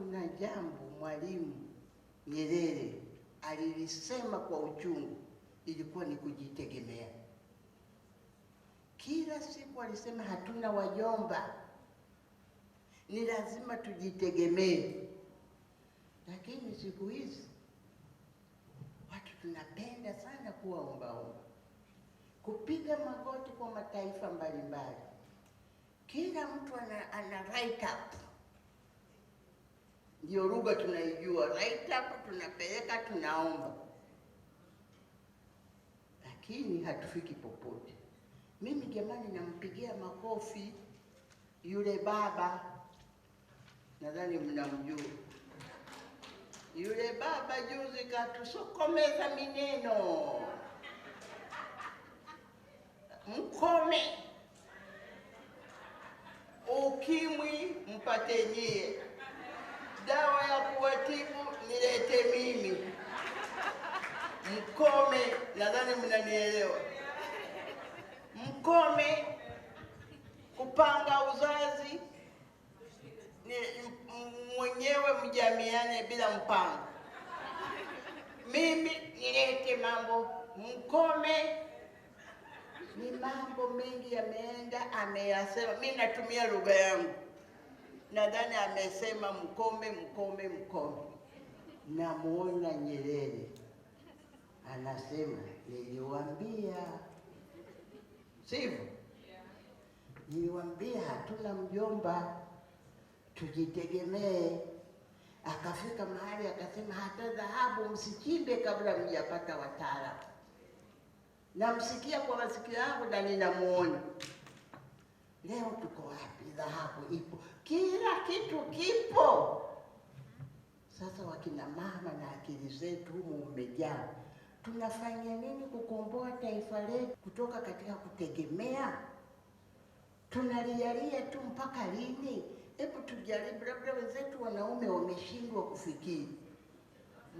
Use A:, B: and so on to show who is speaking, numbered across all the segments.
A: kuna jambo Mwalimu Nyerere alilisema kwa uchungu, ilikuwa ni kujitegemea. Kila siku alisema hatuna wajomba, ni lazima tujitegemee. Lakini siku hizi watu tunapenda sana kuwaombaomba, kupiga magoti kwa mataifa mbalimbali, kila mtu ana, ana write up ndio lugha tunaijua right up, tunapeleka tunaomba, lakini hatufiki popote. Mimi jamani, nampigia makofi yule baba, nadhani mnamjua yule baba. Juzi katusokomeza mineno mkome ukimwi mpate dawa ya kuwatibu nilete mimi, mkome. Nadhani mnanielewa. Mkome kupanga uzazi ni mwenyewe, mjamiane bila mpango. Mimi nilete mambo, mkome ni mambo mengi yameenda ameyasema. Mi natumia lugha yangu nadhani amesema Mkome, Mkome, Mkome. Namuona Nyerere anasema niliwambia sivyo? niliwambia hatuna mjomba, tujitegemee. Akafika mahali akasema hata dhahabu msichimbe kabla mjapata wataalamu. Namsikia kwa masikio yangu na ninamuona. Leo tuko wapi? Dhahabu ipo kila kitu kipo. Sasa wakina mama na akili zetu humu umejaa, tunafanya nini kukomboa taifa letu kutoka katika kutegemea? Tunalialia tu mpaka lini? Hebu tujaribu, labda wenzetu wanaume wameshindwa kufikiri.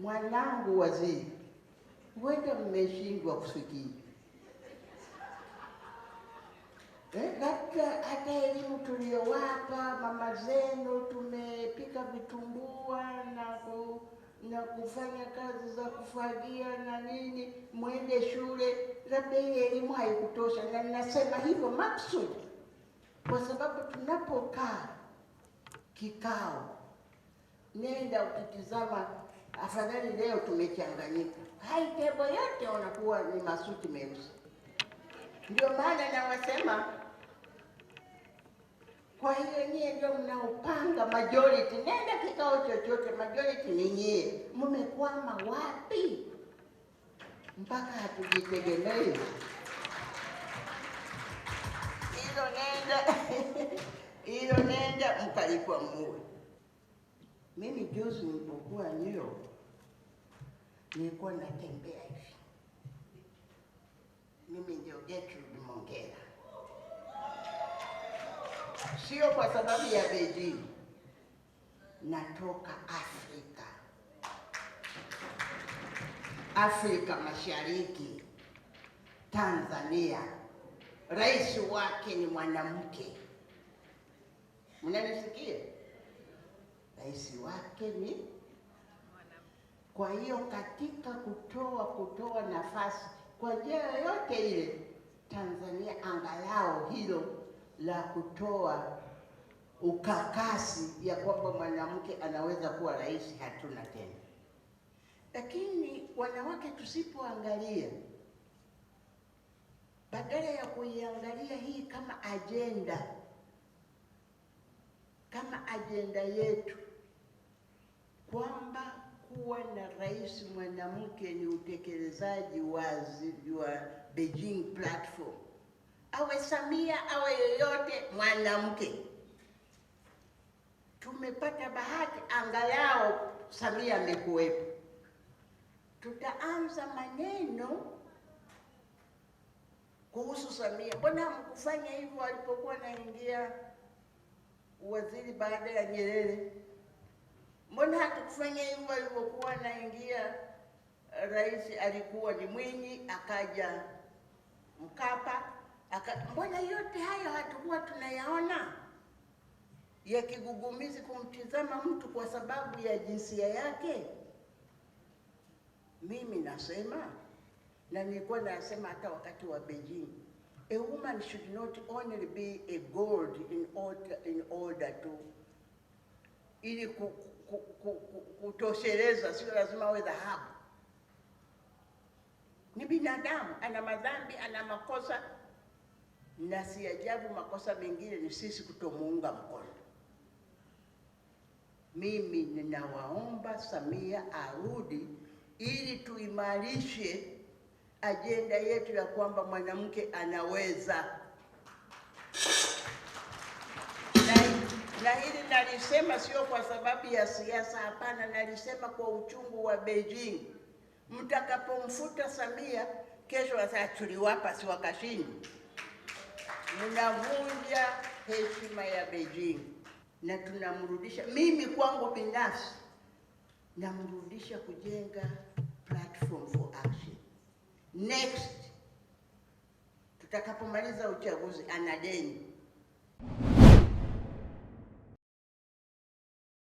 A: Mwanangu waziri, huenda mmeshindwa kufikiri Eh, labda hata elimu tuliyowapa mama zenu, tumepika vitumbua na ku, na kufanya kazi za kufagia na nini, mwende shule, labda ile elimu haikutosha. Na ninasema hivyo maksudi kwa sababu tunapokaa kikao, nenda ukitizama, afadhali leo tumechanganyika, haitebo yote wanakuwa ni masuti meusi, ndio maana nawasema Chadema kwa hiyo nyie ndio mnaopanga majority. Nenda kikao chochote, majority ni nyie. Mmekwama wapi mpaka hatujitegemei? Hilo nenda hilo nenda mkalikwamue. Mimi juzi nilipokuwa New York nilikuwa natembea hivi, mimi ndio Gertrude Mongella sio kwa sababu ya Beijing. Natoka Afrika, Afrika Mashariki, Tanzania, rais wake ni mwanamke. Mnanisikia? Rais wake ni kwa hiyo katika kutoa kutoa nafasi kwa njia yoyote ile, Tanzania angalau hilo la kutoa ukakasi ya kwamba mwanamke anaweza kuwa rais hatuna tena. Lakini wanawake tusipoangalia, badala ya kuiangalia hii kama ajenda, kama ajenda yetu kwamba kuwa na rais mwanamke ni utekelezaji wa Beijing platform awe Samia awe yoyote mwanamke. Tumepata bahati angalau Samia amekuwepo. Tutaanza maneno kuhusu Samia, mbona hamkufanya hivyo alipokuwa naingia waziri baada ya Nyerere? Mbona hatukufanya hivyo alipokuwa naingia rais, alikuwa ni Mwinyi akaja huwa tunayaona ya kigugumizi kumtizama mtu kwa sababu ya jinsia yake. Mimi nasema na nilikuwa nasema hata wakati wa Beijing, a woman should not only be a gold in order, in order to ili kutosheleza, sio lazima awe dhahabu. Ni binadamu, ana madhambi, ana makosa na si ajabu makosa mengine ni sisi kutomuunga mkono. Mimi ninawaomba Samia arudi ili tuimarishe ajenda yetu ya kwamba mwanamke anaweza na hili nalisema sio kwa sababu ya siasa, hapana. Nalisema kwa uchungu wa Beijing. Mtakapomfuta Samia kesho, wasa tuliwapa si wakashindi mnavunja heshima ya Beijing na tunamrudisha. Mimi kwangu binafsi namrudisha kujenga platform for action. Next tutakapomaliza uchaguzi anadeni